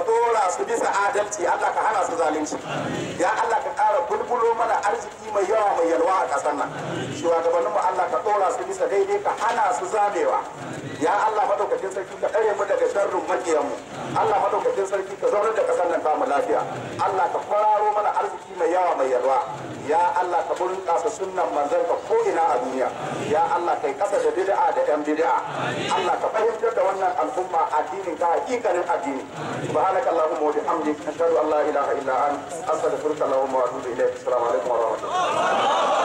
dora su bisa adalci Allah ka hana su zalunci ya Allah ka ƙara bulbulo mana arziki mai yawa mai yalwa a kasar nan shugabanninmu Allah ka dora su bisa daidai ka hana su zamewa ya Allah madaukakin sarki ka ɗare mu daga sharrin makiyanmu Allah madaukakin sarki ka zaunar da kasar nan ta mu lafiya Allah ka kwararo mana arziki mai yawa mai yalwa ya Allah ka ta sunan manzon ka ko ina a duniya ya Allah kai kasa da bid'a da yan bid'a Allah ka fahimtar da wannan al'umma addinin ka hakikanin addini subhanaka allahumma wa bihamdika ashhadu an la ilaha illa anta astaghfiruka wa atubu ilayk assalamu alaikum wa rahmatullahi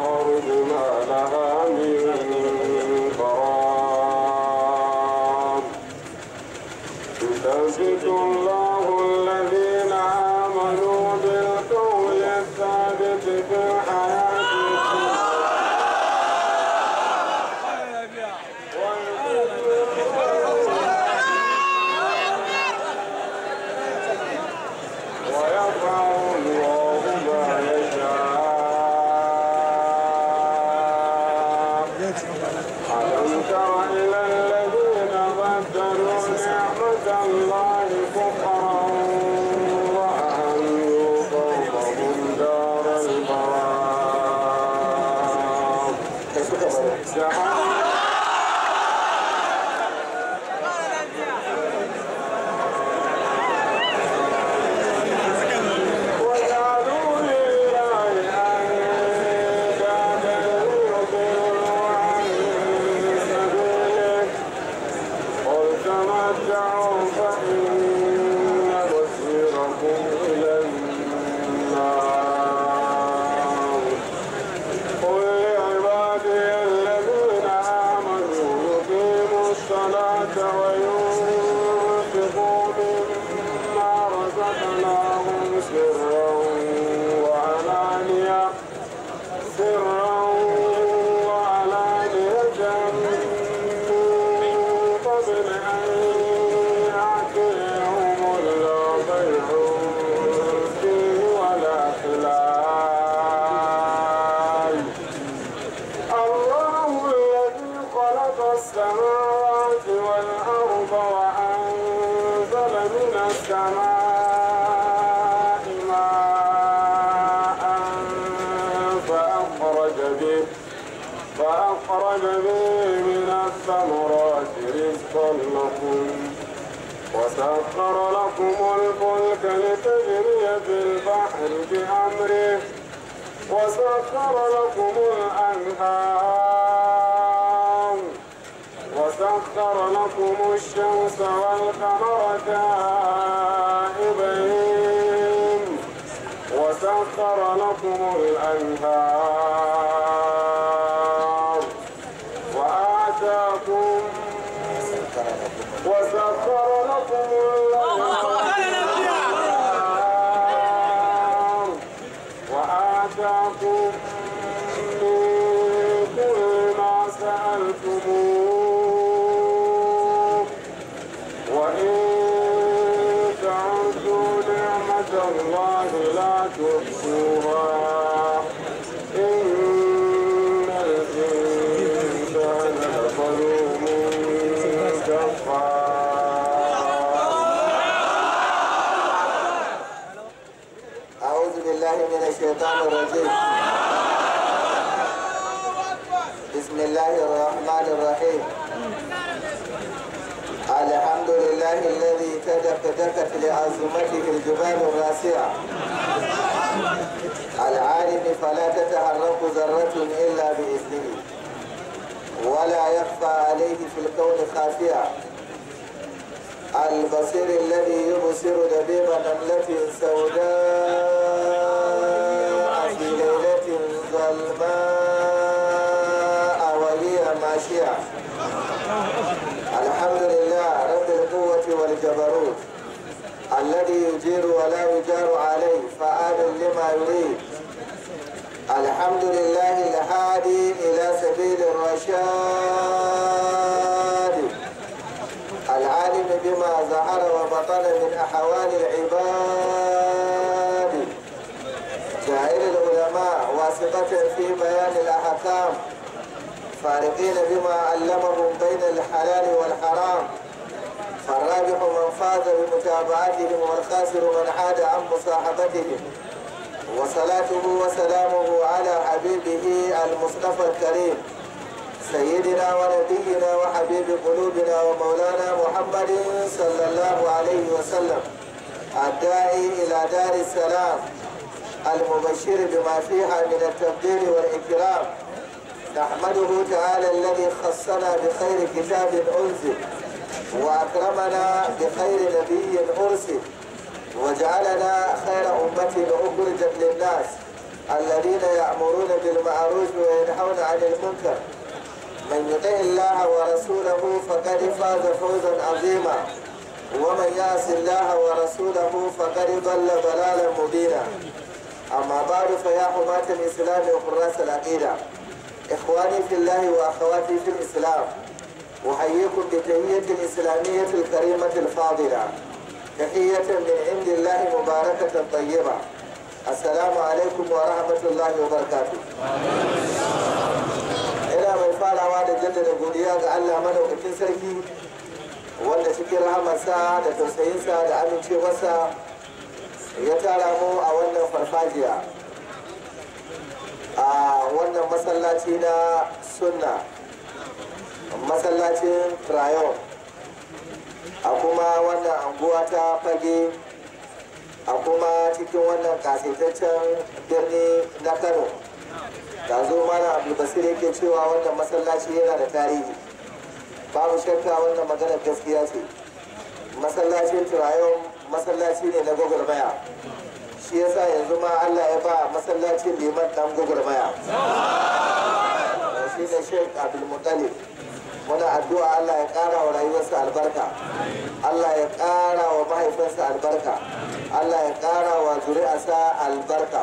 harder than I السماء ماء فأخرج به فأخرج به من الثمرات رزقا لكم وسخر لكم الفلك لتجري في البحر بأمره وسخر لكم الأنهار وتتركت لعزمتك الجبال الراسعة العالم فلا تتحرك ذرة إلا بإذنه ولا يخفى عليه في الكون خافية البصير الذي يبصر دبيب نملة سوداء في ليلة ظلماء وهي ماشية الذي يجير ولا يجار عليه فعال لما يريد الحمد لله الهادي إلى سبيل الرشاد العالم بما ظهر وبطن من أحوال العباد جاهل العلماء واسطة في بيان الأحكام فارقين بما علمهم بين الحلال والحرام الرابح من فاز بمتابعتهم والخاسر من عاد عن مصاحبتهم وصلاته وسلامه على حبيبه المصطفى الكريم سيدنا ونبينا وحبيب قلوبنا ومولانا محمد صلى الله عليه وسلم الداعي إلى دار السلام المبشر بما فيها من التقدير والإكرام نحمده تعالى الذي خصنا بخير كتاب أنزل وأكرمنا بخير نبي أرسل وجعلنا خير أمة أخرجت للناس الذين يأمرون بالمعروف وينهون عن المنكر من يطع الله ورسوله فقد فاز فوزا عظيما ومن يعص الله ورسوله فقد ضل ضلالا مبينا أما بعد فيا حماة الإسلام وقراس العقيدة إخواني في الله وأخواتي في الإسلام أحييكم بتحية الإسلامية الكريمة الفاضلة تحية من عند الله مباركة طيبة السلام عليكم ورحمة الله وبركاته ina mai farawa da jaddada godiya ga Allah madaukakin sarki wanda cikin rahamarsa da tausayinsa da amincewarsa ya tara mu a wannan farfajiya a wannan masallaci na sunna masallacin trayon a kuma wannan anguwa ta fage a kuma cikin wannan kasitaccen birni na kano da zo mana abdulbasir yake cewa wannan masallaci yana da tarihi babu shakka wannan magana gaskiya ce masallacin trayon masallaci ne na gwagwarmaya shi yasa yanzu ma allah ya ba masallacin liman dan gwagwarmaya shi ne sheik abdulmutalib muna addu'a Allah ya ƙara wa rayuwarsa albarka Allah ya ƙara wa mahaifinsa albarka Allah ya ƙara wa zuri'arsa albarka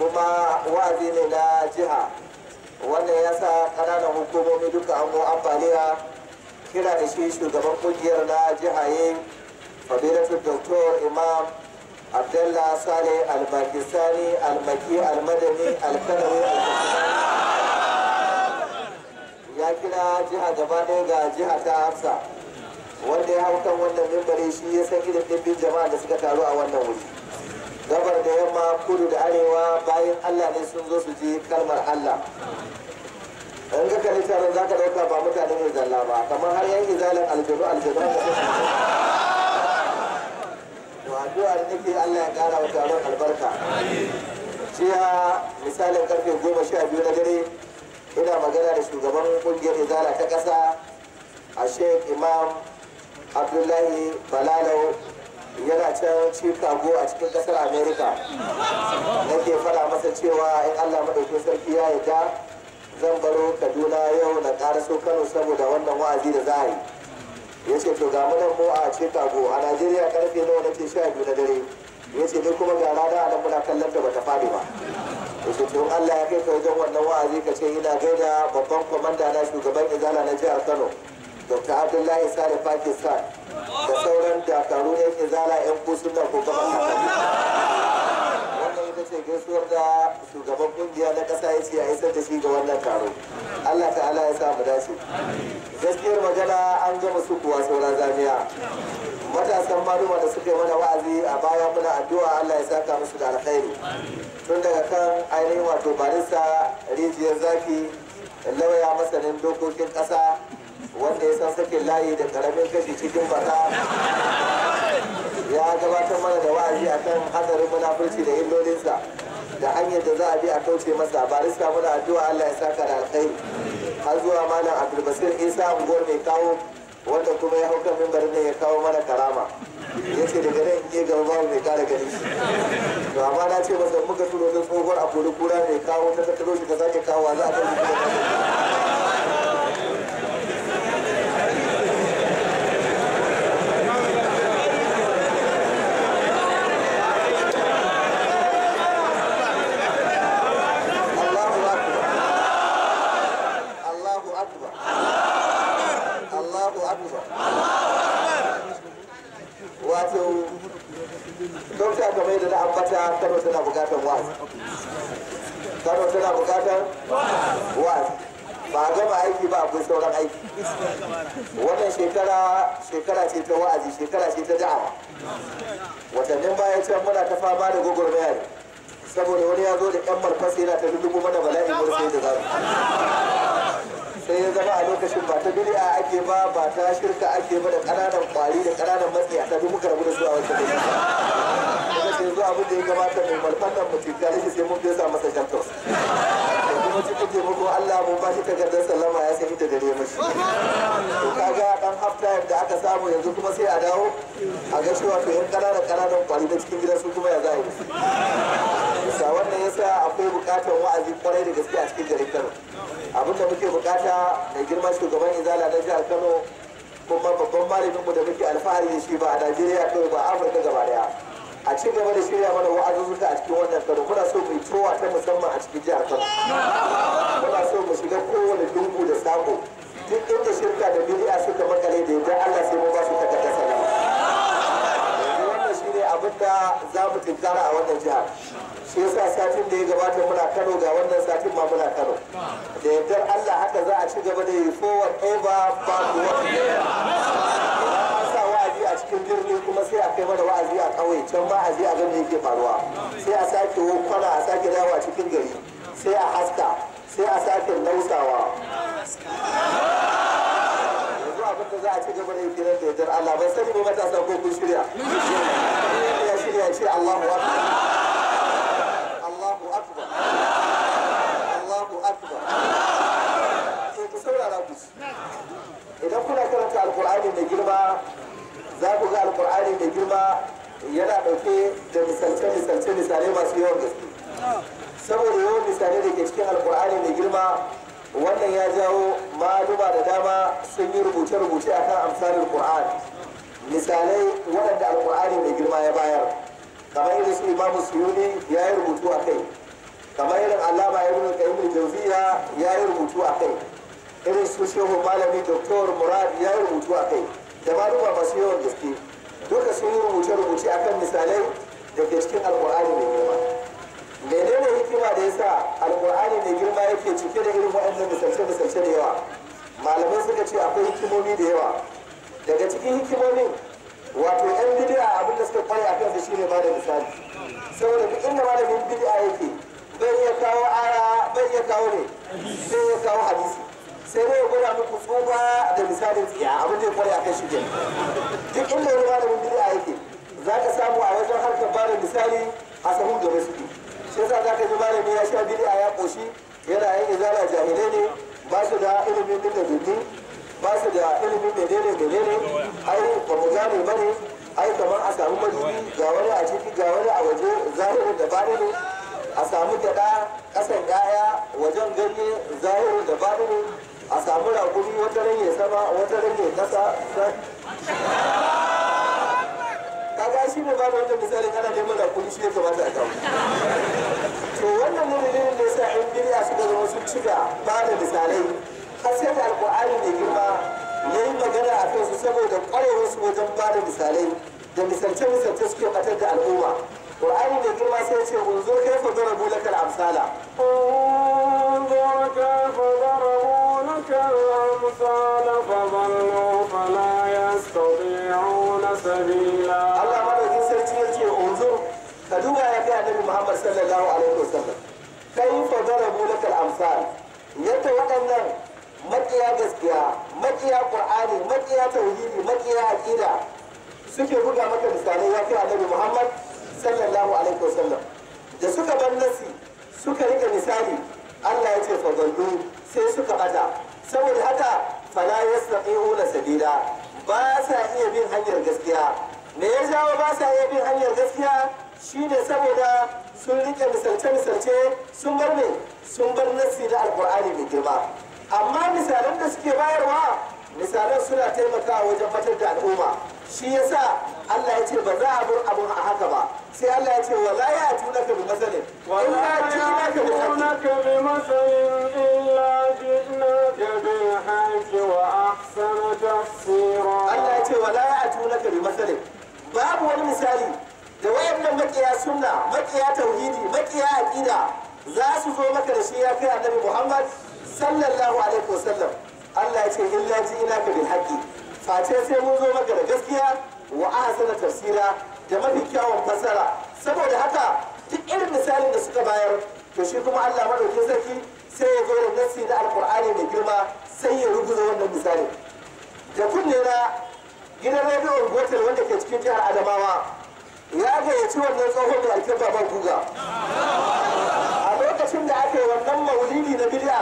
kuma wa'azi ne na jiha wannan ya sa ƙananan hukumomi duka an ambaliya kira da shi shugaban kungiyar na jihaye fadilatu doktor imam abdullah sale albakisani almaki almadani alkanawi alkanawi ya kira jiha gaba ɗaya ga jiha ta hafsa wanda ya hau kan wannan mimbari shi ya san gidan ɗimbin jama'a da suka taru a wannan wuri gabar da yamma kudu da arewa bayan allah ne sun zo su ji kalmar allah in ka kare taron za ka ɗauka ba mutane ne zalla ba kamar har yan izalin aljanu aljanu da to addu'a da nake allah ya ƙara wa taron albarka jiya misalin karfe goma sha biyu na dare ina magana da shugaban kungiyar izala ta kasa a sheik imam abdullahi balalau yana can chicago a cikin ƙasar america nake fara masa cewa in allah maɗaukin sarki ya ta zan baro kaduna yau na ƙaraso kano saboda wannan wa'azi da za a yi ya ce to ga munan mu a chicago a najeriya karfe nawa na ce sha biyu na dare ya ce dai kuma ga rana a nan muna kallon da bata faɗi ba to Allah ya kai ka wajen wannan wa'azi ka ce ina gaida babban kwamanda na shugaban izala na jihar Kano Dr. Abdullahi Sale Pakistan da sauran dakaru yan izala yan kusurna ko kuma yake gaisuwar da shugaban kungiya na kasa ya ce a isar da shi ga wannan taro Allah ta'ala ya sa mu dace gaskiyar magana an gama su kuwa sauran zamiya matasan maluma da suka yi mana wa'azi a baya muna addu'a Allah ya saka musu da alkhairi tun daga kan ainihin wato barista rijiyar zafi lauya masanin dokokin kasa wanda ya san sakin layi da karamin kashi cikin baka ya gabatar mana da wa'azi a kan hadarin munafurci da illolinsa da hanyar da za a bi a kauce masa barista muna addu'a Allah ya saka da kai har zuwa malam Abdulbasir Isa Ungor mai kawo wanda kuma ya hauka mimbarin ne ya kawo mana karama ya daga nan ke gaba babu mai kara gani to amma na ce masa muka turo da tsohuwar a kura mai kawo ta ta shi ta sake kawo za a ta mana ta fama da gwagwarmaya ne saboda wani ya zo da yan marfasa yana ta dubu mana bala'in wani sai da zamu sai ya zama a lokacin ba ta bid'a ake ba ba ta shirka ake ba da ƙananan ƙwari da ƙananan matsi a tafi muka rabu da zuwa wata da daga sai zuwa abin da ya gabata mai malfan nan mutum ta shi sai mun fesa masa jantos roƙi taimako Allah mun ba shi takardar sallama ya sai da dare mashi to kaga dan half time da aka samu yanzu kuma sai a dawo a ga cewa to yan ƙananan ƙananan kwari da cikin gida su kuma ya za yi sa wannan yasa akwai bukatar wa'azi kwarai da gaske a cikin garin Kano abin da muke bukata mai girma shugaban izala da jihar Kano kuma babban malamin mu da muke alfahari da shi ba a Najeriya kawai ba Afirka gaba daya a ci gaba da shirya mana wa'azuzzuka a cikin wannan karo kuna so mu towa ta musamman a cikin jihar kan muna so mu shiga kowane dungu da sako duk inda shirka da bid'a suka makale da yadda Allah sai mu ba su takardar salama wannan shine abin da za mu tinkara a wannan jihar shi yasa satin da ya gabata muna kano ga wannan satin ma muna kano da yadda Allah haka za a ci gaba da yi forward ever backward cikin birni kuma sai a kai mana wa'azi a ƙauye can ba a je a gani yake faruwa sai a sake kwana a sake dawowa cikin gari sai a haska sai a sake nausawa yanzu abin da za a ci gaba da yake nan da yadda Allah ban sani ba matasa ko kun shirya ya shirya ce Allahu akbar Allahu akbar Allahu akbar to eh, ku saurara ku idan kuna karanta alqur'ani mai girma za ku ga alkur'ani da girma yana ɗauke da misalce-misalce misalai masu yawan gaske saboda yawan misalai da ke cikin alkur'ani mai girma wannan ya jawo maluma da dama sun yi rubuce-rubuce akan amsalin qur'an misalai waɗanda alkur'ani mai girma ya bayar kamar irin su imamu suyuni ya yi rubutu a kai kamar irin alama ibn qayyim jauziya ya yi rubutu a kai irin su shehu malami doktor murad ya yi rubutu a kai da ba masu yawan gaske duka sun yi rubuce-rubuce kan misalai da ke cikin alkur'ani mai girma menene hikima da sa alkur'ani mai girma yake cike da irin waɗannan misalce-misalce da yawa malamai suka ce akwai hikimomi da yawa daga cikin hikimomin wato yan bidiya abin da suka kware a kansa shine ba da misali saboda duk inda malamin bidiya yake bai iya kawo ara bai iya kawo ne sai ya kawo hadisi sai dai gwada muku tsufa da misalin tsiya abin da ya kware a kai shi duk inda wani malamin a yake za ka samu a wajen harkar bada misali a da wasu suke shi yasa za ka ji malami ya sha a ya koshi yana yin izala jahilai ne ba su da ilimin din da dubi ba su da ilimin menene menene ai ba mu gane ba ne ai kamar a samu madubi ga wani a ciki ga wani a waje zahirin da ba ne a samu gyaɗa ƙasan 'ya'ya wajen ganye zahirin da ba ne a samu rakuri wata rage sama wata rage kasa ga shi ne babu wata misalin kana neman rakuri shi ne kamata a kawo to wannan ne da ya sa in birya suka zama sun cika ba da misalai har sai da alƙur'ani ne girma ya yi magana a kansu saboda ƙwarewarsu wajen ba da misalai da misalce-misalce suke batar da al'umma Qur'ani da girma sai ce unzur kaifa darabu lakal amsala unzur kaifa darabu lakal amsala faballu fala yastati'una sabila Allah madaukin sarki yace unzur ka duba ya kai annabi Muhammad sallallahu alaihi wasallam kaifa darabu lakal amsal yadda waɗannan maƙiya gaskiya maƙiya ƙur'ani maƙiya tauhidi maƙiya aƙida suke buga mata misalai ya kai Muhammad sallallahu alaihi wasallam da suka bar nasi suka rike misali Allah ya ce fadallu sai suka bata saboda haka fala la sabila ba sa iya bin hanyar gaskiya me ya jawo ba sa iya bin hanyar gaskiya shine saboda sun rike misalce-misalce sun bar ne sun bar nasi da alkur'ani mai girma amma misalan da suke bayarwa misalan suna taimakawa wajen fatar da al'umma shi yasa Allah ya ce ba za a bar abun a haka ba sai Allah ya ce wala ya tu ka bi masalin illa jina ka bi masalin illa jina bi haqqi wa ahsana tafsira Allah ya ce wala ya tu ka bi masalin babu wani misali da wayannan makiya sunna makiya tauhidi makiya aqida za su zo maka da shi ya kai annabi Muhammad sallallahu alaihi wasallam Allah ya ce illa ina ka bi haqqi face sai mun zo maka da gaskiya wa ahsana tafsira da mafi kyawun fasara saboda haka duk irin misalin da suka bayar to shi kuma Allah madaukin sarki sai ya zo da nasi na alkur'ani mai girma sai ya rubuta wannan misali da kunne na gidan rediyon gotel wanda ke cikin jihar adamawa ya gayyaci wannan tsohon da alkin baban guga a lokacin da aka yi wannan maulidi na bid'a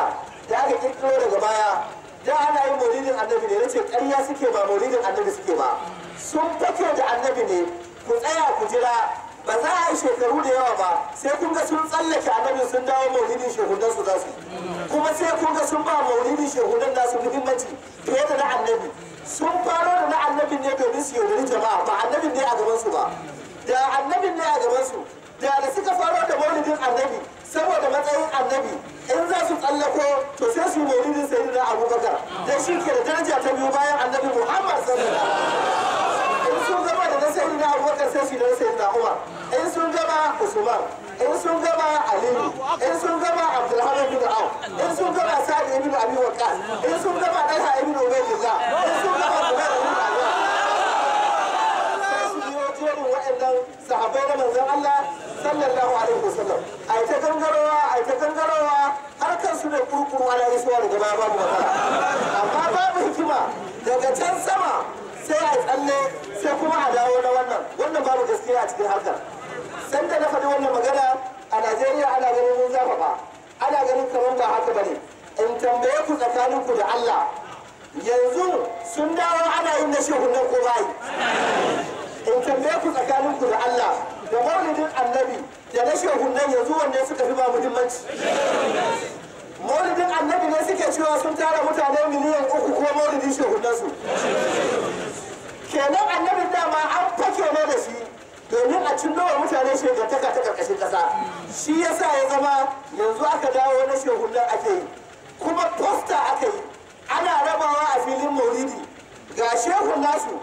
da aka kirkiro daga baya da ana yin maulidin annabi ne nace ƙarya suke ba maulidin annabi suke ba sun fake da annabi ne ku tsaya ku jira ba za a yi shekaru da yawa ba sai kun ga sun tsallake annabi sun dawo maulidin shehudan su zasu kuma sai kun ga sun ba maulidin shehudan nasu muhimmanci fiye da na annabi sun faro da na annabin ne domin su yaudari jama'a ba annabin ne a gaban su ba da annabin ne a gaban su da da suka faro da maulidin annabi saboda matsayin annabi in za su tsallako to sai su maulidin sayyidina abubakar da shi ke da daraja ta biyu bayan annabi muhammad sallallahu in sun gama da na sayyidina abubakar sai su da sayyidina umar in sun gama usman in sun gama aliyu in sun gama abdulhamid bin auf in sun gama sa'id ibn abi waqas in sun gama dalha ibn ubaydillah in sun gama zubair ibn al-awwam sai su yi jerin waɗannan sahabbai na manzon Allah sallallahu alaihi wasallam ai ta gangarowa ai ta gangarowa har kan su ne kurkuru ala isuwa daga gaba babu matsala amma babu hikima daga can sama sai a tsalle sai kuma a dawo na wannan wannan babu gaskiya a cikin harkar san da na faɗi wannan magana a Najeriya ana ganin mun zafafa ana ganin kamar ba haka bane in tambaye ku tsakaninku da Allah yanzu sun dawo ana yin na shehunan ko bai in tambaye ku tsakaninku da Allah da maulidin annabi da na shehun yanzu wanne suka fi ba muhimmanci maulidin annabi ne suke cewa sun tara mutane miliyan uku ko maulidin shehunan su kenan annabi dama an fake ne da shi domin a cin nawa mutane shegantaka ta karkashin kasa shi yasa ya zama yanzu aka dawo na shehunan ake yi kuma posta aka yi ana rabawa a filin maulidi ga shehun nasu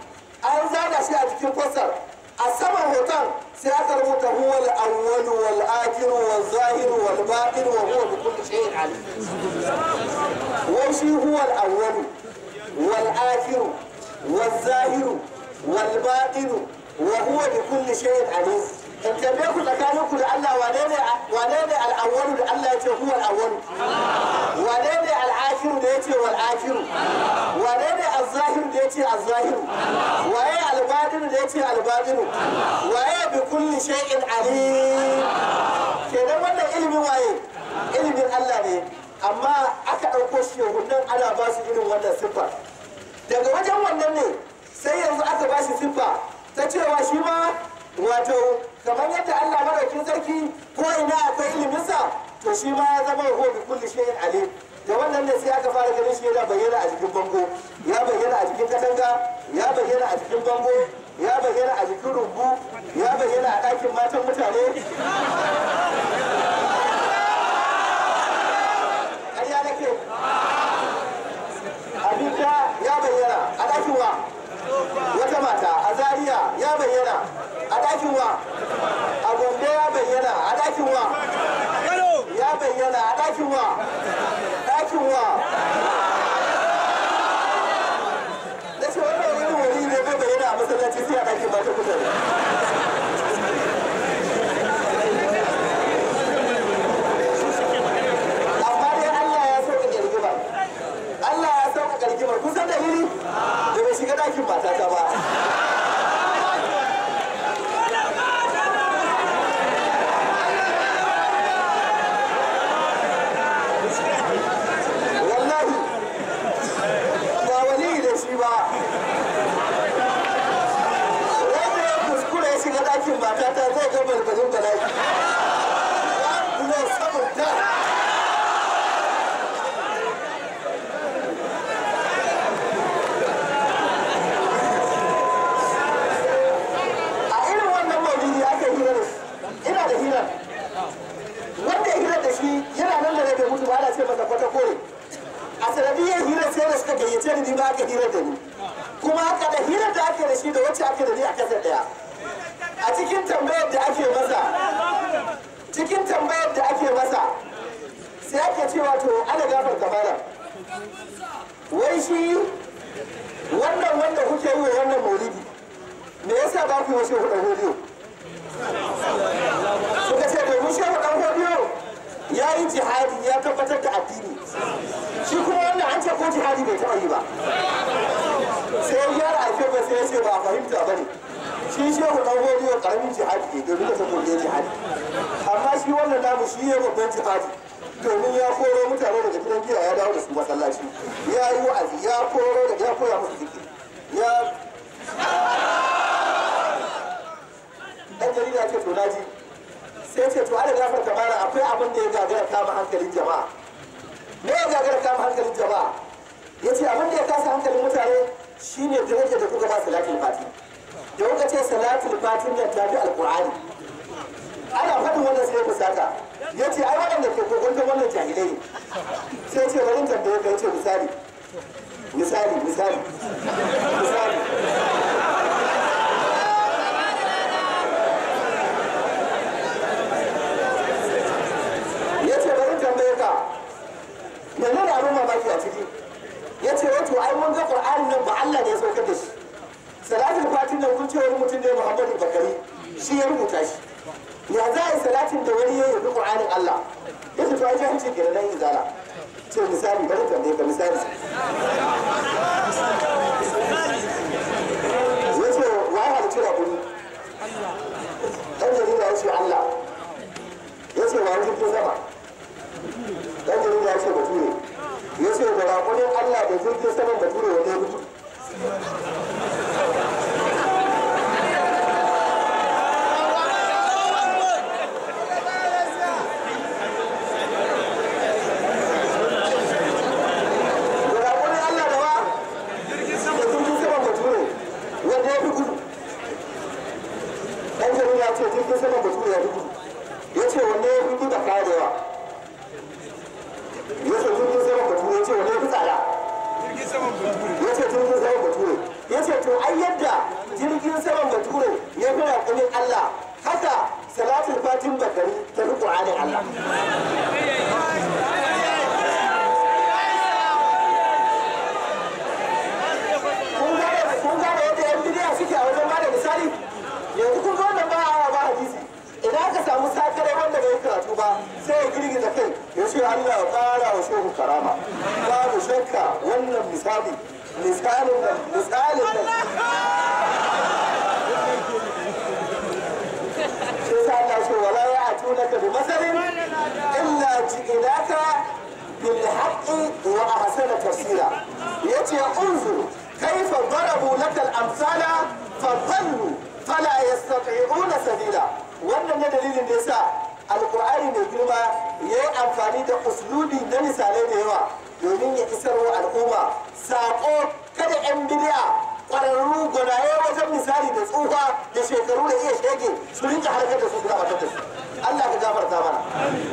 an zaga shi a cikin postar السبع هوتان سياسة الموت هو الأول والآخر والظاهر والباطن وهو بكل شيء عليم وشي هو الأول والآخر والظاهر والباطن وهو بكل شيء عليم انتبهوا لكانكم الله وليلة الأول لألا هو الأول zahiru da ya ce wal akiru wane ne azzahiru da ya ce azzahiru waye albadiru da ya ce albadiru waye bi kulli shay'in alim kenan wannan ilimin waye ilimin Allah ne amma aka ɗauko shi yahudan ana ba su irin wannan siffa daga wajen wannan ne sai yanzu aka ba shi siffa ta cewa shi ma wato kamar yadda Allah madaukin sarki ko ina akwai iliminsa to shi ma ya zama huwa bi kulli shay'in alim da wannan ne sai aka fara ganin shi yana bayyana a jikin bango ya bayyana a jikin katanga ya bayyana a jikin bango ya bayyana a jikin rumbu ya bayyana a ɗakin matan mutane ƙarya nake abinka ya bayyana a ɗakin wa wata mata a zaria ya bayyana a ɗakin wa a gombe ya bayyana a ɗakin wa ya bayyana a ɗakin wa haihuwa Allah ya sauka Allah ya kusan da hiri da shiga ɗakin matata ba kuma a irin wannan maulidi ake hira da ina da wanda ya hira da shi yana nan da ce kore a sanadiyyar hira sai da suka gayyace ni aka hira da ni kuma da ake da shi da wacce ake da ni a babban jihadi domin ya koro mutane daga gidan giya ya dawo da su masallaci ya yi wa'azi ya koro da ya koya musu zikiri ya dan jarida ce to naji sai ce to ana farka mara akwai abin da ya gagara kama hankalin jama'a me ya gagara kama hankalin jama'a ya ce abin da ya kasa hankalin mutane shine darajar da kuka ba salatul fati da kuka ce salatul fatin nan tafi fi alqur'ani ana faɗin wannan sai ya fusata ya ce ai waɗanda ke kokonta wannan jahilai ne sai ce bari in tambaye ka ce misali misali misali misali ya ce bari tambaye ka menene abin mamaki a ciki ya ce wato ai mun ga ƙur'anin nan ba Allah ne ya saukar da shi salatul fatin nan kun ce wani mutum ne Muhammadu Bakari shi ya rubuta shi ya za a yi salatin da wani ya yabi ƙur'anin Allah ya ce to ai jahilci ke nan yin zara ce misali bari tambaye ka misali ya ce wa ya halicci raƙumi ɗan jarida ya ce Allah ya ce wa ya jirgin sama ɗan jarida ya ce bature ya ce da raƙumin Allah da jirgin saman bature wanda ya mutu tsufa da shekaru da iya shege su rinka harkar da su kuma matar su Allah ka gafarta mana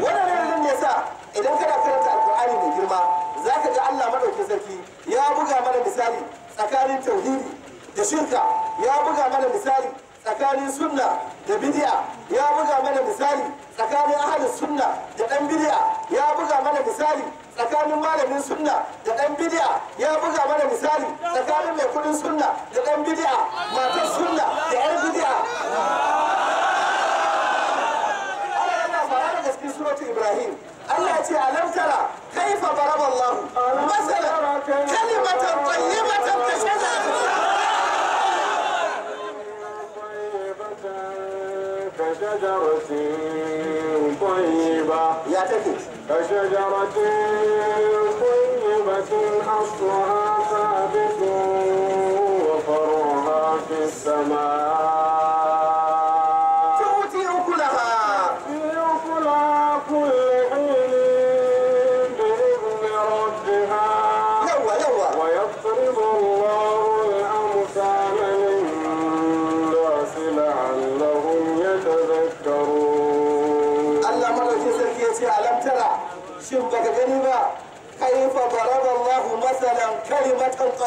wannan ne ne sa idan kana karanta alkur'ani mai girma za ka ga Allah madaukin sarki ya buga mana misali tsakanin tauhidi da shirka ya buga mana misali tsakanin sunna da bidiya ya buga mana misali tsakanin ahalin sunna da dan bidiya ya buga mana misali tsakanin malamin sunna da ɗan bidiya ya buga mana misali tsakanin mai kudin sunna da ɗan bidiya matar sunna da ɗan bidiya Allah yana fara da cikin suratul Ibrahim Allah ce alam tara kaifa baraba Allah masalan kalimatan tayyibatan kashajara شجرة Eşhedü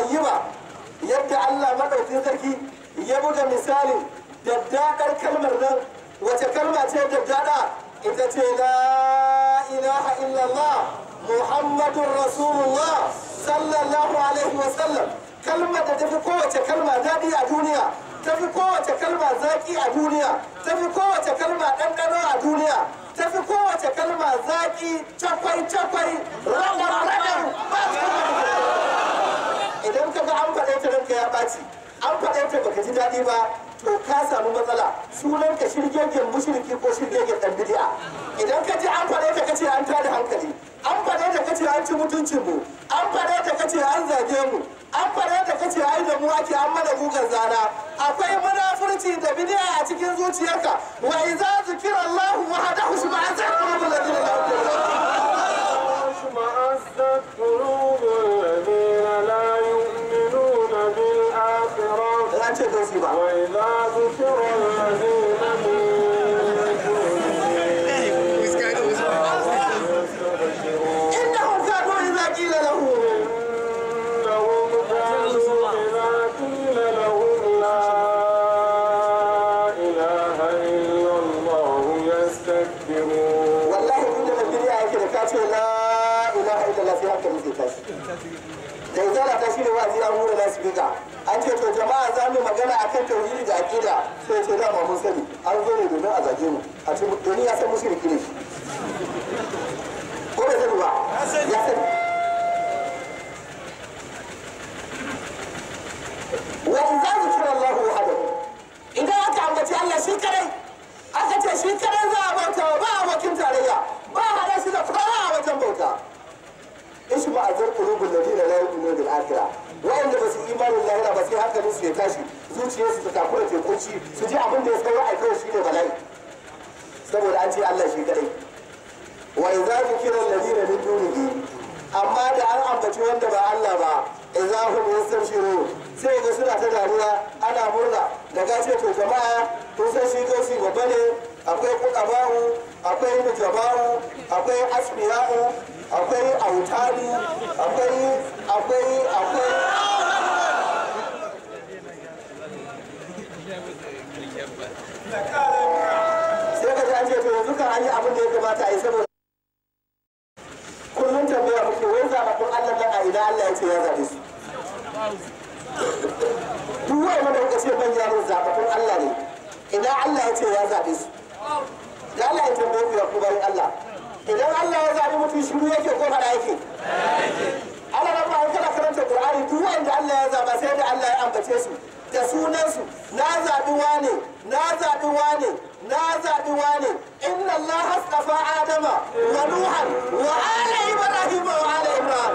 tayyiba yadda Allah madaukin sarki ya buga misalin daddakar kalmar nan wace kalma ce daddada ita ce la ilaha illallah muhammadun rasulullah sallallahu alaihi sallam kalma da tafi kowace kalma daɗi a duniya tafi kowace kalma zaƙi a duniya tafi kowace kalma ɗanɗano a duniya tafi kowace kalma zaƙi cakwai cakwai ɓaci an faɗe baka ji daɗi ba to ka samu matsala sunan ka shirgegen mushriki ko shirgegen ɗan idan ka ji an faɗe ka kace an tada hankali an faɗe ka ce an ci mutuncin mu an faɗe ta kace an zage mu an ka kace ai da mu ake an mana gugan zana akwai munafurci da bidiya a cikin zuciyarka wa idza zikira Allah wahdahu shuba'at qulubul ladina la yu'minun izala ta shirya wa'azi an da lasu bika an ce to jama'a za mu magana akan tauhidi da aqida sai ce dama mun sani an zo ne domin a zage mu a ce domin ya san mushriki ne ko bai sani ba ya sani wa in za mu kira Allahu ahad idan aka ambaci Allah shi kadai aka ce shi kadai za a bauta ba abokin tarayya ba halar shi da kowa a wajen bauta ishba azar qulubul ladina la yu'minuna bil akhirah wa'anda basu imanin lahira ba sai hankalin su ya tashi zuciyarsu ta takura ta su ji abin da ya saura a kawai shine bala'i saboda an ce Allah shi kadai wa idza zikira alladina min dunihi amma da an ambaci wanda ba Allah ba idza hum yastabshiru sai ga suna ta dariya ana murna daga ce to jama'a kun san shi gausi babba ne akwai kukabawu akwai mujabawu akwai asmiya'u akwai autari akwai akwai akwai sai ka ji an ce to yanzu kan an yi abin da ya kamata a yi saboda kullum tambaya muke wai kun Allah nan a ina Allah ya ce ya zaɓe su duk wani da kuka ce ban yaro zaɓaɓɓun Allah ne ina Allah ya ce ya zaɓe su da Allah ya tambaye ku ku bayan Allah idan Allah ya zaɓi mutum shiru yake ko fara yake Allah na ba kana karanta Qur'ani duk wanda Allah ya zaba sai da Allah ya ambace su da sunansu na zaɓi wane na zaɓi wane na zaɓi wane inna Allah hastafa Adama wa Nuhan wa ala Ibrahim wa ala Ibrahim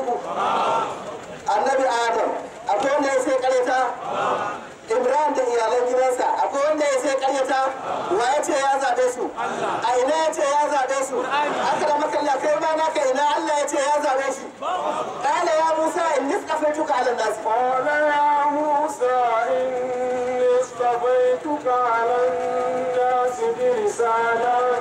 cikin annabi adam akwai wanda ya sai karyata ibrahim da iyalan gidansa akwai wanda ya sai karyata wa ya ce ya zabe su a ina ya ce ya zabe su aka da makalla kai ba naka ina allah ya ce ya zabe shi kala ya musa in fai tuka ala nasi kala ya musa in fai tuka ala nasi bi risalati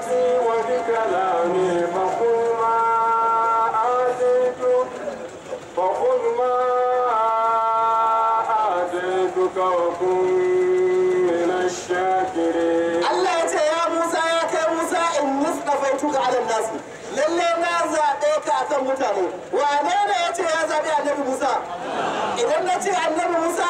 mutane wane ne ya ce ya zaɓi annabi musa idan na ce annabi musa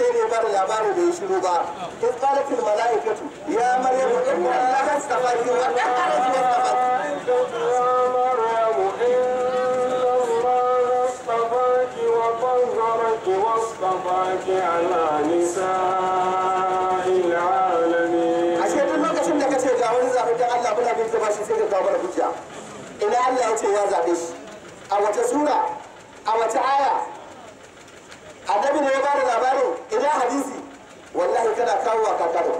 sai ne bada labarin da ya shiru ba in qalatil malaikatu ya maryamu inna allaha astafaki wa ta'ala astafaki واصطفاك على ka kawo ina Allah ya ce ya zaɓe shi a wata sura a wata aya annabi ne ya bada labarin ina hadisi wallahi kana kawo wa karo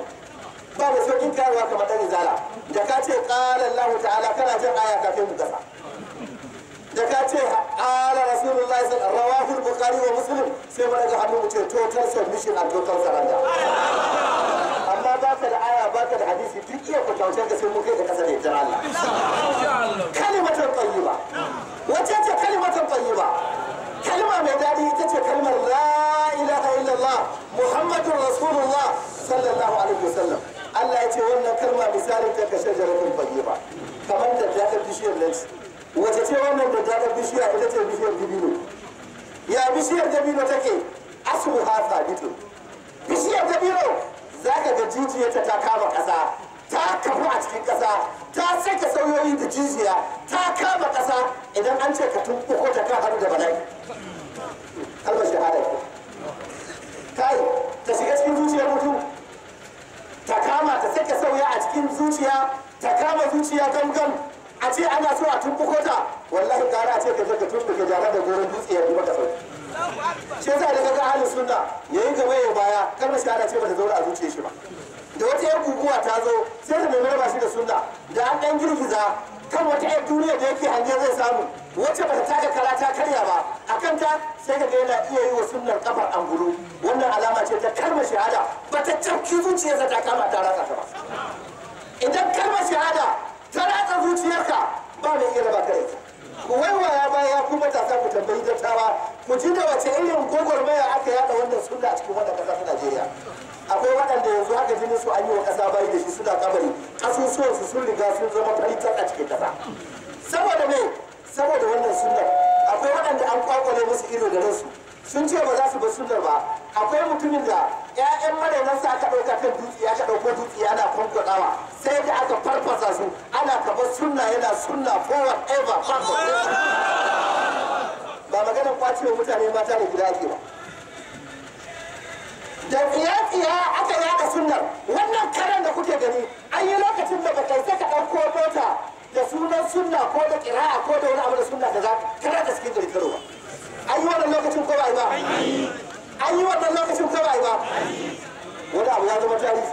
ba da saukin kawowa kamar ɗan zala da ka ce ƙala Allah ta'ala kana jin aya kafin mu gasa da ka ce ƙala rasulullahi sallallahu rawahul bukhari wa muslim sai mu daga hannu mu ce total submission and total surrender amma ba ka da aya ba ka da hadisi duk iya ku kyautar da sai mu kai ka kasa da jira Allah kalimatar tayyiba wace ce kalimatar tayyiba kalma mai daɗi ita ce kalmar la ilaha illallah muhammadun rasulullah sallallahu alaihi wasallam Allah ya ce wannan kalma misalin ta kashe jarabin fage kamar da daɗar bishiyar nan wace ce wannan da daɗar bishiya ita ce bishiyar dabino ya bishiyar dabino take asu ha sabitu bishiyar dabino zaka ga jijiyarta ta kama ƙasa ta kafu a cikin ƙasa ta sake sauyoyin da jijiya ta kama ƙasa idan an ce ka tuɓu ko ta kan hannu da bala'i kalmar shahada kai ta shiga cikin zuciyar mutum ta kama ta sake sauya a cikin zuciya ta kama zuciya gangan a ce ana so a tumbuko ta wallahi gara a ce ka zaka ka jara da goron dutse ya kuma ka sauki shi yasa daga ga ahlus sunna yayin gaba ya baya kalmar shahada ce bata zaura a zuciyar shi ba da wata yar guguwa ta zo sai ta nemi raba shi da sunna da an dan girgiza kan wata yar duniya da yake hange zai samu wacce ba ta taka kara ta karya ba a kanta sai ka yana iya yi wa sunnar kafar angulu wannan alama ce ta karma shahada ba ta tafki zuciyarsa ta kama ta ratsa ta ba idan karma shahada ta ratsa zuciyarka ba mai iya raba ka ita ku ya baya ku matasa ku tambayi dattawa ku ji da wace irin gwagwarmaya aka yada wannan sunna a cikin wannan kasar Najeriya akwai waɗanda yanzu haka jini su an yi wa ƙasa bayi da shi suna kabari asusuwan su sun riga sun zama farita a cikin ƙasa saboda me saboda wannan sunnar akwai waɗanda an kwakwale musu ido da ransu sun ce ba za su bar sunnar ba akwai mutumin da ƴaƴan marainan sa aka ɗauka kan dutse ka ɗauko dutse ana kwankwaɗawa sai da aka farfasa su ana kaba sunna yana sunna forward ever ba maganar kwacewa mutane mata da guda ake ba da tsiya-tsiya aka yada sunan wannan karen da kuke gani an yi lokacin da baka saka ɗauko mota da sunan sunna ko da kira'a ko da wani abu da sunna da za ka kana da cikin kirkiro ba an yi wannan lokacin ko ba ba an yi wannan lokacin ko ba ba wani abu ya zama tarihi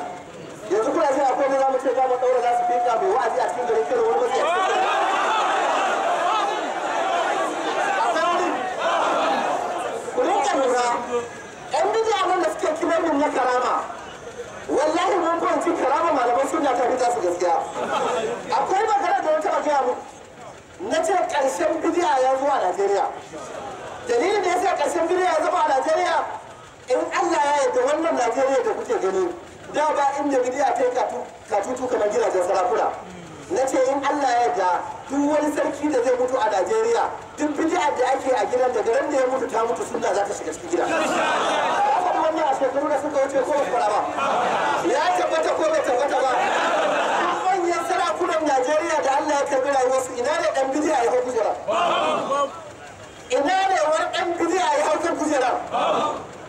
yanzu kuna jira ko ne za mu ce za mu ɗaura za su fika mai wa'azi a cikin kirkiro wani mutum sharrin na karama wallahi mun ci karama malaman suna ta fita su gaskiya akwai magana da wata magana mu na ce karshen bidiya ya zo a najeriya dalilin da ya sa karshen bidiya ya a najeriya in allah ya yarda wannan najeriya da kuke gani da ba inda bidiya ta yi katutu kamar gidajen sarakuna na ce in Allah ya da duk wani sarki da zai mutu a Najeriya duk bid'a da ake a gidan da garin da ya mutu ta mutu sunna za ta shiga cikin gida shekaru da ya tabbata ko bai tabbata ba manyan sarakunan Najeriya da Allah ya ina kujera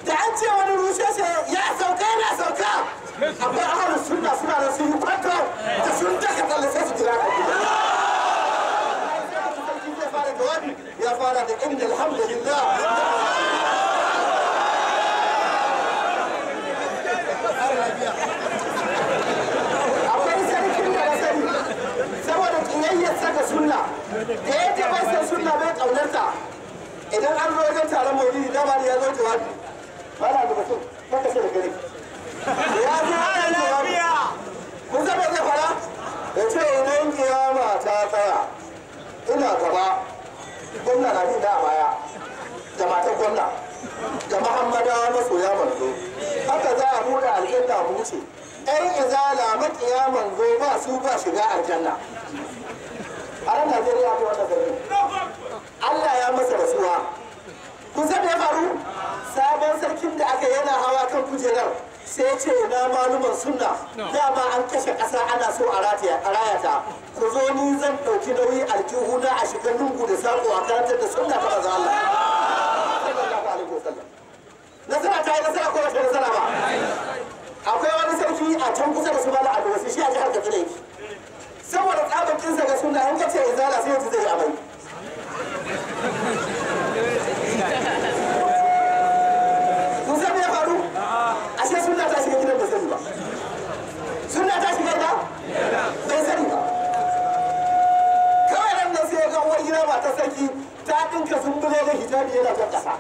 da an wani rushe ya sauka yana sauka suna da sun yi kwanta da ya fara da inda alhamdulillah da sunna da ce bai san sunna bai kaunarta idan an zo wajen taron mori dama da ya zo jawabi ba na da mutum ba ka da gari ya zo wajen lafiya kun zaba zai fara ya ce idan kiyama ta tsaya ina gaba gwamna na jin da a baya da matan gwamna da muhammadawa masoya manzo haka za a buɗe aljanna mu wuce ɗan izala maƙiya manzo ba su ba shiga aljanna a nan najeriya ke wannan zargi allah ya masa rasuwa kun san ya faru sabon sarkin da aka yana hawa kan kujerar sai ce na maluman sunna dama an kashe ƙasa ana so a rayata ku zo ni zan ɗauki nauyi aljihu na a shigar lungu da sako a karantar da sunna ta maza Allah nasara ta yi nasara ko wata nasara ba akwai wani sarki a can kusa da su ba mala a shi a jihar katsina yake saboda tsabakin sa ga sunna an kace izala sai yanzu zai yi amai kun san me ya faru ashe suna ta shiga gidan da sani ba sunna ta shiga ba bai sani ba kawai nan nan sai ga uwar gida ba ta saki ta dinka sun bulo da hijabi yana ta kasa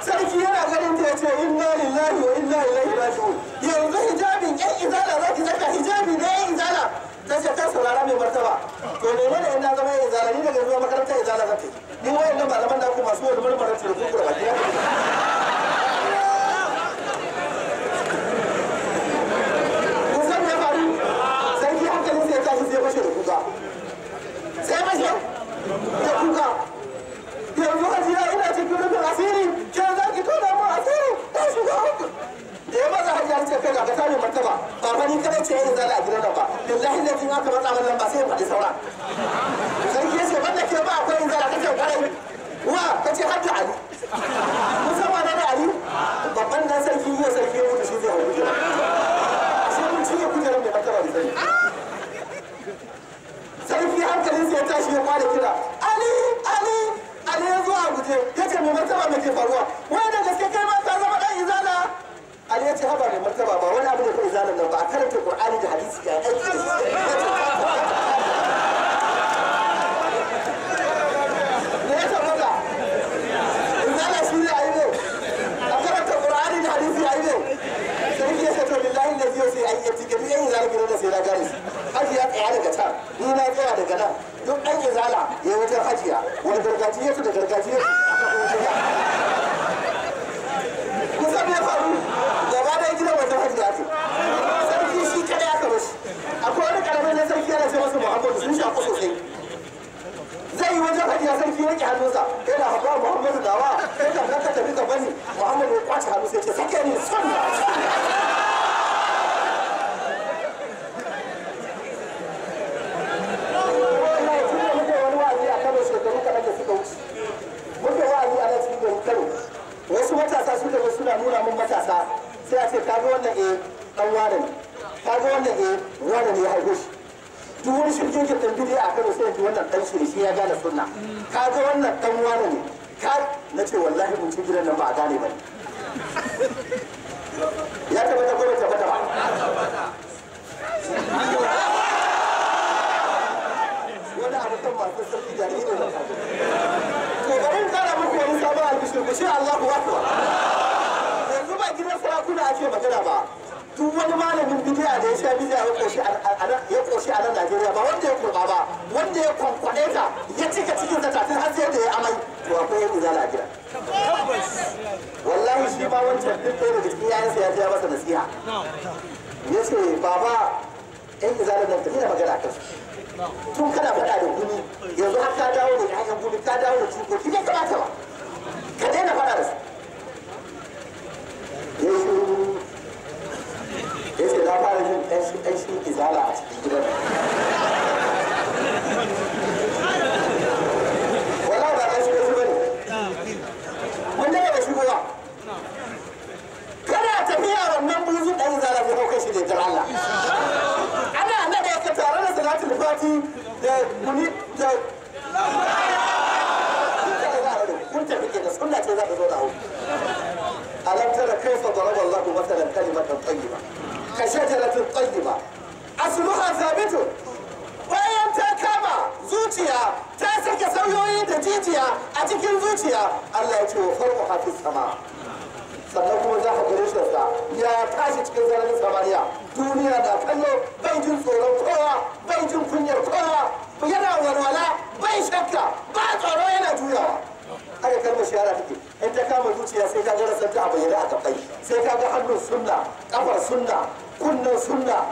sarki yana ganin ta ce inna lillahi wa inna ilaihi raji'un yanzu hijabin yan izala zaki saka hijabi na yan izala ta ce ta saurara mai martaba to ne ne ina zama ya zara ni daga zuwa makaranta ya zara zake ni wayan nan malaman da ku masu wani marmarin su da kuka baki ya san ya faru sai ki hankalin sai da kuka sai da kuka yanzu ina cikin asiri ya ce kai a gidan nan sai ya ali ali ne sarki kira ali ali ali ya a guje ya ce mai martaba mai ke faruwa wai da gaske kai ma ka Ali ya ce haba mai martaba ba wani abu da kai zanen nan ba a karanta Qur'ani da hadisi da aiki da shi acho que a cikin lá.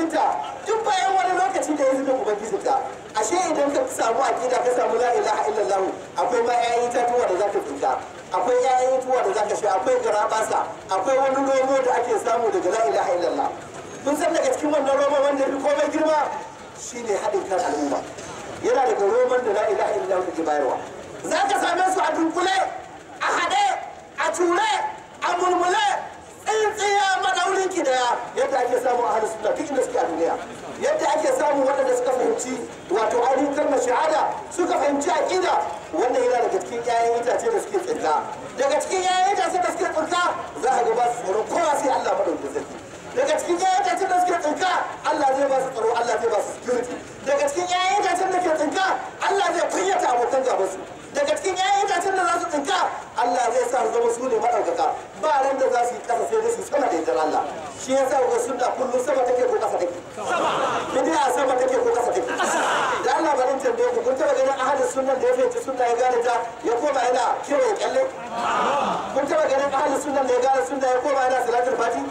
ubangijinta duk bayan wani lokaci da ya zube ubangijinta ashe idan ka samu akida ka samu la ilaha illallah akwai ma yayin tatuwa da zaka fita akwai yayin tuwa da zaka sha akwai garabasa akwai wani romo da ake samu daga la ilaha illallah kun san daga cikin wannan roman wanda ya fi komai girma shine haɗin kan al'umma yana daga roman da la ilaha illallah take bayarwa za ka same su a dunkule a haɗe a ture a mulmule tsayin tsaya madaurin ki daya yadda ake samu a halin suna duk inda suke a duniya yadda ake samu waɗanda suka fahimci wato ayyukan na shahada suka fahimci aƙida wannan yana daga cikin 'ya'yan itace da suke tsinta daga cikin 'ya'yan itace da suke tsinta za a ga ba su tsoro kowa sai Allah madaukakin sarki daga cikin 'ya'yan itace da suke tsinka Allah zai ba su tsoro Allah zai ba su security daga cikin 'ya'yan itace da ke tsinka Allah zai kunyata abokan gaban su daga cikin yayin itacen da za su tsinka Allah zai sa su zama su ne maɗaukaka ba ran da za su yi ƙasa sai dai su sama da yadda Allah shi ya sa ga sunna kullum sama take ko ƙasa take sama ne a sama take ko ƙasa take da Allah ba nan tambaye ku kun taba ganin ahadi sunnan da ya fice sunna ya gane ta ya koma yana kiwo ya kalle kun taba ganin ahadi sunnan da ya gane sunna ya koma yana salatul fati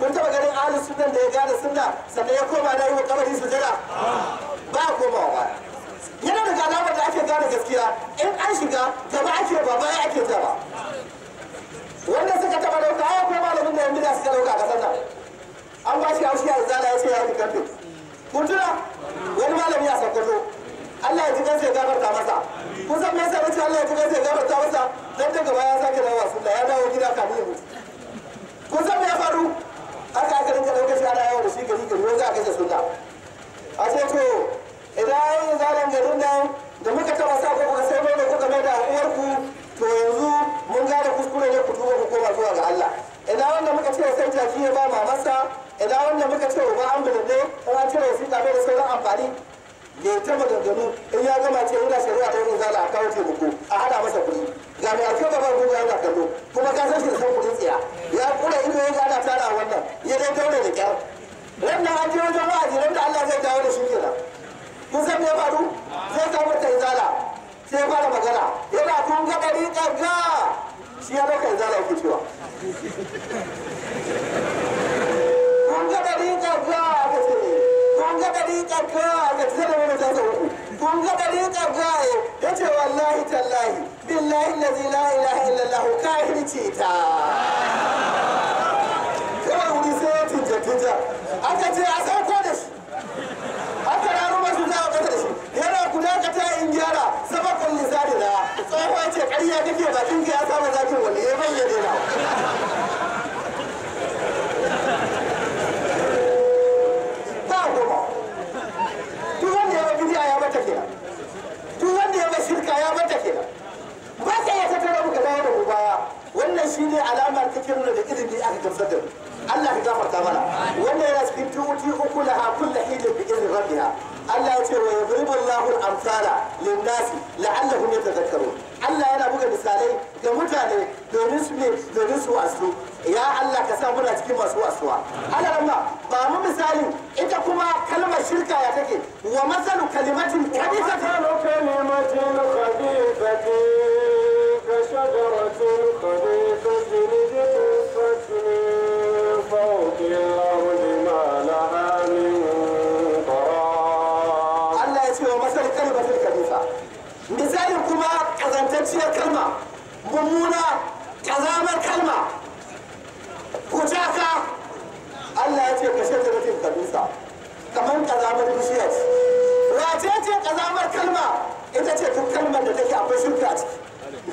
kun taba ganin ahadi sunnan da ya gane sunna sannan ya koma yana yi wa kabari sujada ba komawa baya yana da gada da ake gane gaskiya in an shiga gaba ake ba baya ake ta ba wanda suka taba dauka ya kuma malamin da yanzu suka dauka kasar nan an ba shi haushi a zala ya ce ya fi karfe kun wani malami a sokoto Allah ya ji kansa ya gafarta masa kusan mai sanar Allah ya ji kansa ya gafarta masa dan daga baya ya sake dawowa da ya dawo gida kafin ya mutu kusan me ya faru aka aka rinka daukar shi ana yawo da shi gari gari wanda aka ce sunna a ce ko idan an yi zanen garin nan da muka taba sa ku kuka sai da kuka mai da uwarku to yanzu mun gane kuskure ne ku duba ku koma zuwa ga Allah idan wanda muka ce sai jaki ne ba mamansa idan wanda muka ce ba an bulunde in an cire su tabe da sauran amfani ne ta maganganu in ya gama ce ina shari'a ta yin zala a kawo taimako a hada masa kuɗi ga mai alkyau da ban gudu yana kallo kuma ka san shi da san kuɗin tsiya ya kura ido ya gana tara wannan ya dai daure da kyar wannan an je wajen wa'azi da Allah zai dawo da shi kenan kun san me ya faru sai samu ta izala sai ya fara magana yana kun ga dari kaga shi ya baka izala yake cewa kun ga dari kaga ka ce kun ga dari kaga ka ce da wani zaka uku kun ga dari kaga ya ce wallahi tallahi billahi allazi la ilaha illallah kahirci ta kawai wuri sai ya tinja tinja aka ce a sauko in gyara sabakon misali da tsohuwa ce karya kake ba ka ya samu zafin wani ya bayyane na ba goma tu wanda ya babi ya mata kenan tu wanda ya bai shirka ya mata kenan ba ka ya tattara muka dawo da mu baya wannan shine alamar kake nuna da ilimi aka gamsar da mu Allah ka gafarta mana wannan yana cikin tuwuti uku laha kullu hilin bi izni rabbiha ألا يكفر ويضرب الله الأمثال للناس لعلهم يتذكرون ألا أنا بقى نسالي قمت علي دونس مين دونس واسلو يا ألا كسام بنا تكيم واسلو واسلو ألا لما قاموا مسالي إذا كما كلمة شركة يا تكي ومثل كلمة كبيرة ومثل كلمة خبيثة كشجرة خبيثة mummuna ƙazamar kalma kuta ka Allah ya ce ka ta mutum ka dusa kamar ƙazamar bishiyar wace ce ƙazamar kalma ita ce duk kalmar da take akwai shirka a ciki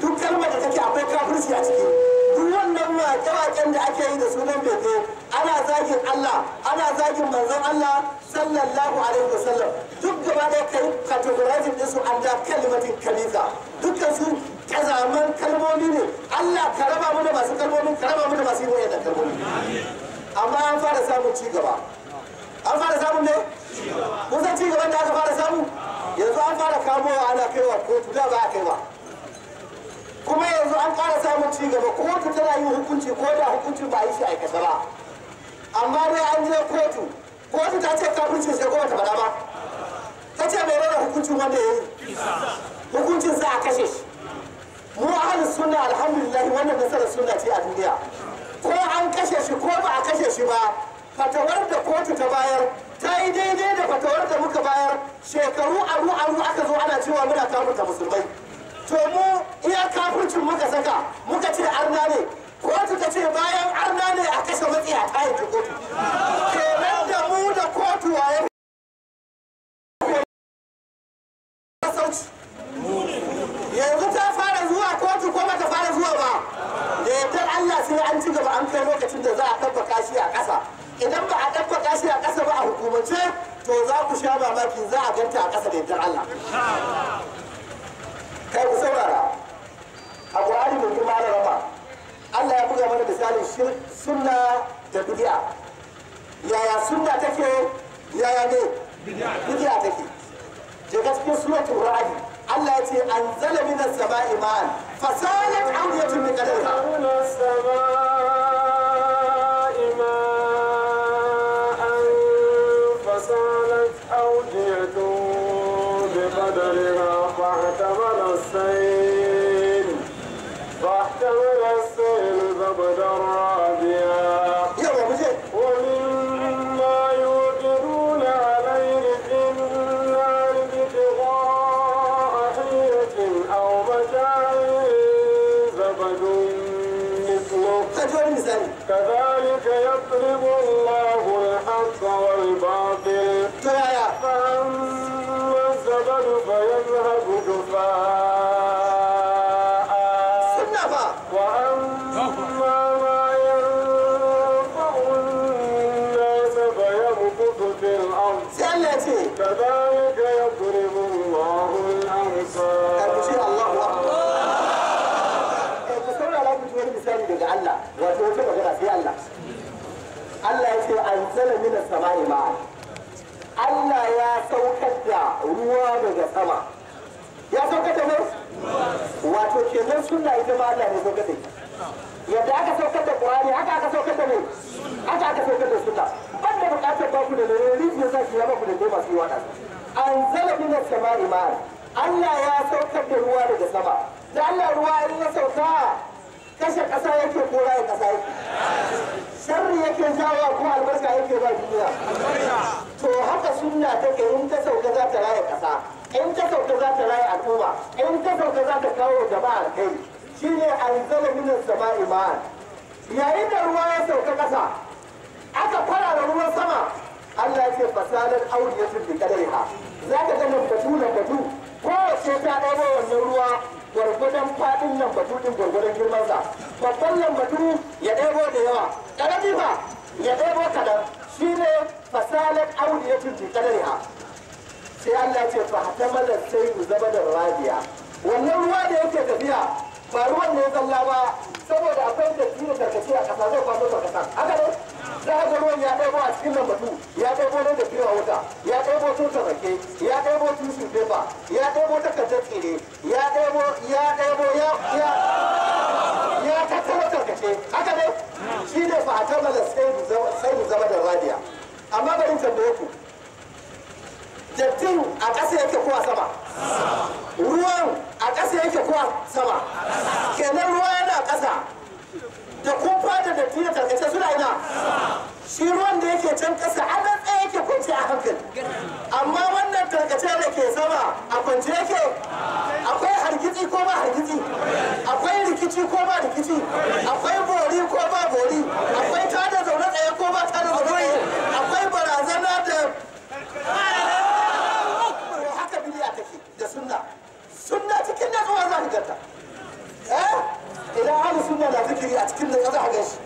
duk kalmar da take akwai kafirci a ciki duk wannan ma waƙen da ake yi da sunan bege ana zagin Allah ana zagin manzon Allah sallallahu alaihi wasallam duk gaba ɗaya kai categorizing su an da kalimatin kalifa dukkan su kazaman kalmomi ne Allah ka raba mu da masu kalmomi ka raba mu da masu yin da kalmomi amma an fara samun ci gaba an fara samun ne kun san ci gaban da aka fara samu yanzu an fara kamowa ana kaiwa kotu da ba a kaiwa kuma yanzu an fara samun ci gaba kotu tana yin hukunci ko da hukunci ba a yi shi aikata ba amma dai an je kotu kotu ta ce kafirci sai kuma ta ba ta ce mai rana hukuncin wanda ya yi hukuncin za a kashe shi mu ahli suna alhamdulillah wannan nasarar suna ce a duniya ko an kashe shi ko ba a kashe shi ba fatawar da kotu ta bayar ta yi daidai da fatawar da muka bayar shekaru aru aru aka zo ana cewa muna kafurta musulmai to mu iya kafurcin muka saka muka ce arna ne kotu ta ce bayan arna ne a kashe matsi a kayan kotu kenan da mu da kotu waye yanzu ta sai an ci gaba an kai lokacin da za a tabbaka kashi a ƙasa idan ba a tabbaka kashi a ƙasa ba a hukumance to za ku sha mamaki za a ganta a ƙasa da yadda Allah kai ku saurara a Qur'ani mai kuma da rama Allah ya buga mana misalin sunna da bidiya yaya sunna take yaya ne bidiya take je gaskiya suratul ra'd Allah ya ce anzala minas sama'i ma'an فسالت فزالت من بقدرها anzala min as-sama'i ma Allah ya saukar da ruwa daga sama ya saukar da wato kenan sunna ita ma Allah ne saukar da yadda aka saukar da Qur'ani haka aka saukar da ne haka aka saukar da sunna banda bukatar ba ku da lori da zai ya ba ku da dai masu yi wadansu anzala min as-sama'i ma Allah ya saukar da ruwa daga sama da Allah ruwa ya sauka kashe ƙasa yake ko raye ƙasa yake sharri yake jawa ko albarka yake ba duniya to haka sunna take in ta sauka za ta raye ƙasa in ta sauka za ta raye al'umma in ta sauka za ta kawo jama'a kai shine anzala min as-sama'i yayin da ruwa ya sauka ƙasa aka fara da ruwan sama Allah ya ce fasalar auriyatun bi kadariha zaka ga nan batu nan batu ko sai ta ɗago wannan ruwa gwargwadon faɗin lambatu din gwargwadon girmansa babban lambatu ya ɗebo da yawa ƙarami ba ya ɗebo kaɗan shi ne fasalar auri ya tuntu kadari ha sai Allah ce fa ta mala sai ku zama da rabiya wannan ruwa da yake tafiya ba ruwan ne zalla ba saboda akwai da da kace a ƙasa zai kwaso ta ƙasa haka ne za a ruwan ya ɗaibo a cikin lambatu ya ɗaibo nan da fiwa wuta ya ɗaibo tutar rake ya ɗaibo tusu pepa ya ɗaibo takardar tsire ya ɗaibo ya ɗaibo ya ya ya tattara tarkace haka ne shi ne ba a kammala sai mu zama da radiya amma bari tambaye ku dattin a ƙasa yake ko a sama ruwan a ƙasa yake ko a sama kenan ruwa yana ƙasa da kumfa da datti da tarkace suna ina shi ruwan da yake can kasa nan tsaye yake kwanci a hankali amma wannan tarkace da ke sama a kwanci yake akwai hargitsi ko ba hargitsi akwai rikici ko ba rikici akwai bori ko ba bori akwai tada zaune tsaye ko ba tada zaune akwai barazana da haka biliya take da sunna sunna cikin natsuwa za ka gata eh idan ahlus sunna na zikiri a cikin nan ga shi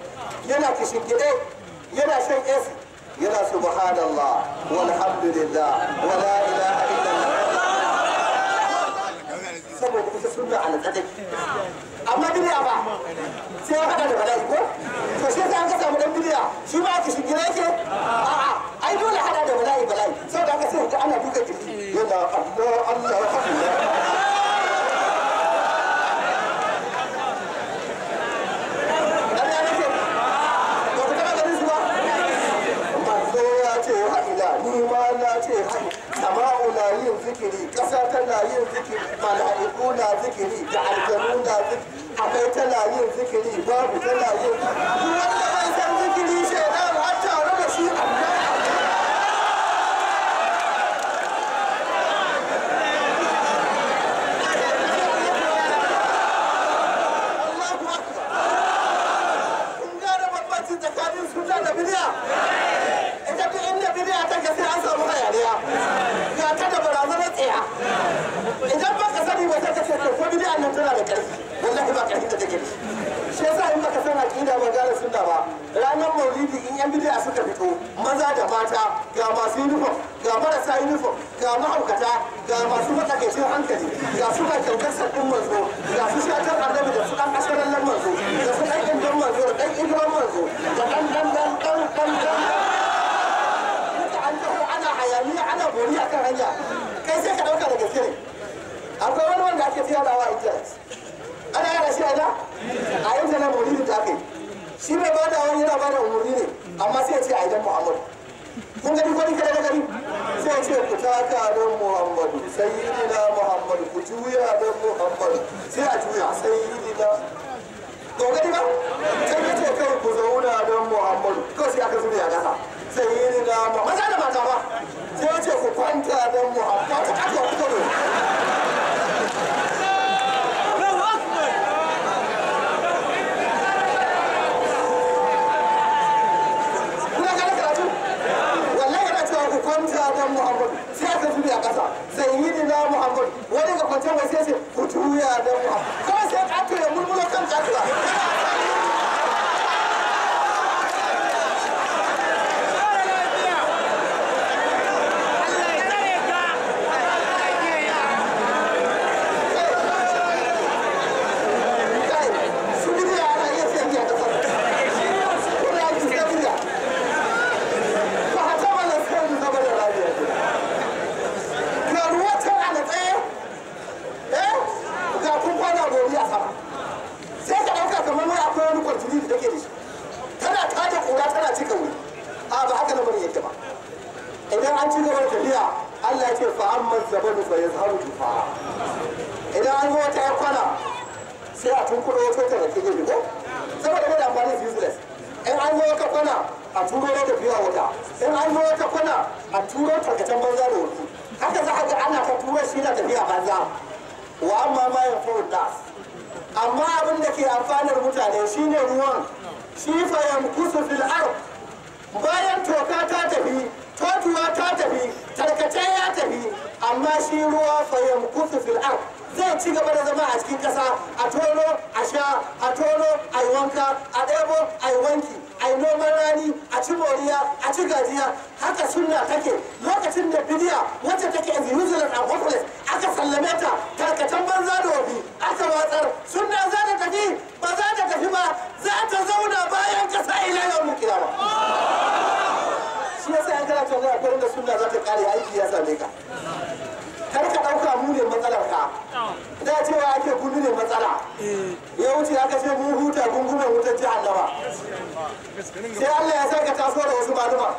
yana kishingide yana shan yana subhanallah walhamdulillah wala ilaha saboda ita sunna ala amma ba sai ya hada da bala'i ko to sai an ka samu dan bid'a shi ba ki yake a'a ai dole hada da bala'i bala'i saboda haka sai ka ana duka kirki yana Allah Allah wuce a kan muhammad sai aka juya a ƙasa zai yi ni na muhammad wani ga kwanciyar wasu ya ce ku juya a kan muhammad kawai sai ƙato ya murmura kan ƙasa sai Allah ya saka taso da wasu maluma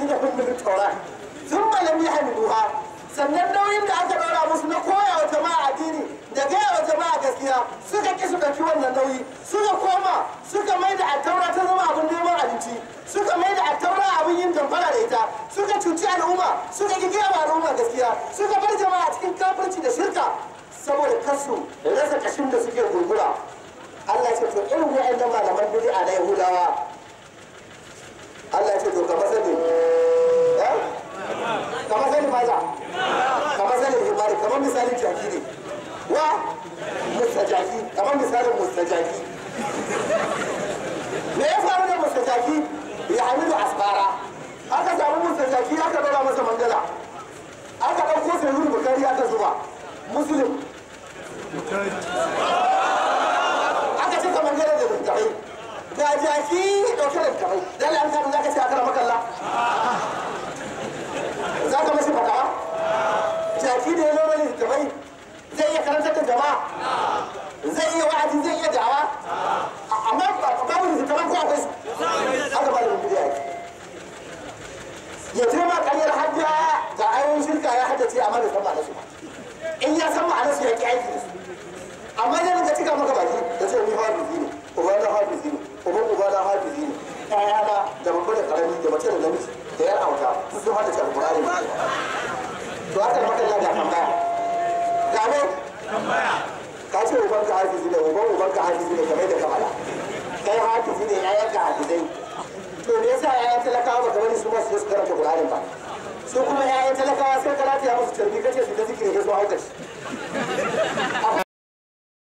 allazina hum min tawrat thumma sannan nauyin da aka dora musu na koya wa jama'a addini da gaya wa jama'a gaskiya suka ki suka fi wannan nauyi suka koma suka mai da attaura ta zama abin neman abinci suka mai da attaura abin yin damfara da ita suka cuci al'umma suka ki gaya wa al'umma gaskiya suka bar jama'a cikin kafirci da shirka saboda kansu rasa kashin da suke gurgura Allah ya ce to irin wa'annan malaman a na Yahudawa Allah ya ce to kamar sani eh? kamar sani maza kamar sani himari kamar misalin jaki ne wa mustajaki kamar misalin mustajaki me ya faru da mustajaki ya hamidu asbara aka samu mustajaki aka dora masa mangala aka ɗauko sai bukari aka zuba muslim ga jaki dauke da kamai dan Allah ka zaka ce akara makalla zaka mashi fada jaki da yazo mani kamai zai iya karantar da jama'a zai iya wa'azi zai iya dawa amma babu ne kamar ko akwai aka da mutum ya ya je ma kariyar hajja ga ayoyin shirka ya haddace amma bai san ma'anarsu ba in ya san ma'anarsu ya ki aiki da su amma zai rinka cika maka baki da ce ni hawa bizi ne ko wani hawa bizi ne kuma uba da hafizi ne ƴaƴa na da babba da karami da mace da namiji da yar auta sun hada ta alqur'ani to haka maka da tambaya ga ne ka ce uban ka hafizi ne uban uban ka hafizi ne kamar da ka kai hafizi ne ƴaƴan ka hafizai to me yasa ƴaƴan talakawa ba kamar su ba su karanta qur'ani ba su kuma ƴaƴan talakawa sai karatu ya musu tarbi kace su ta zikiri sai su hauka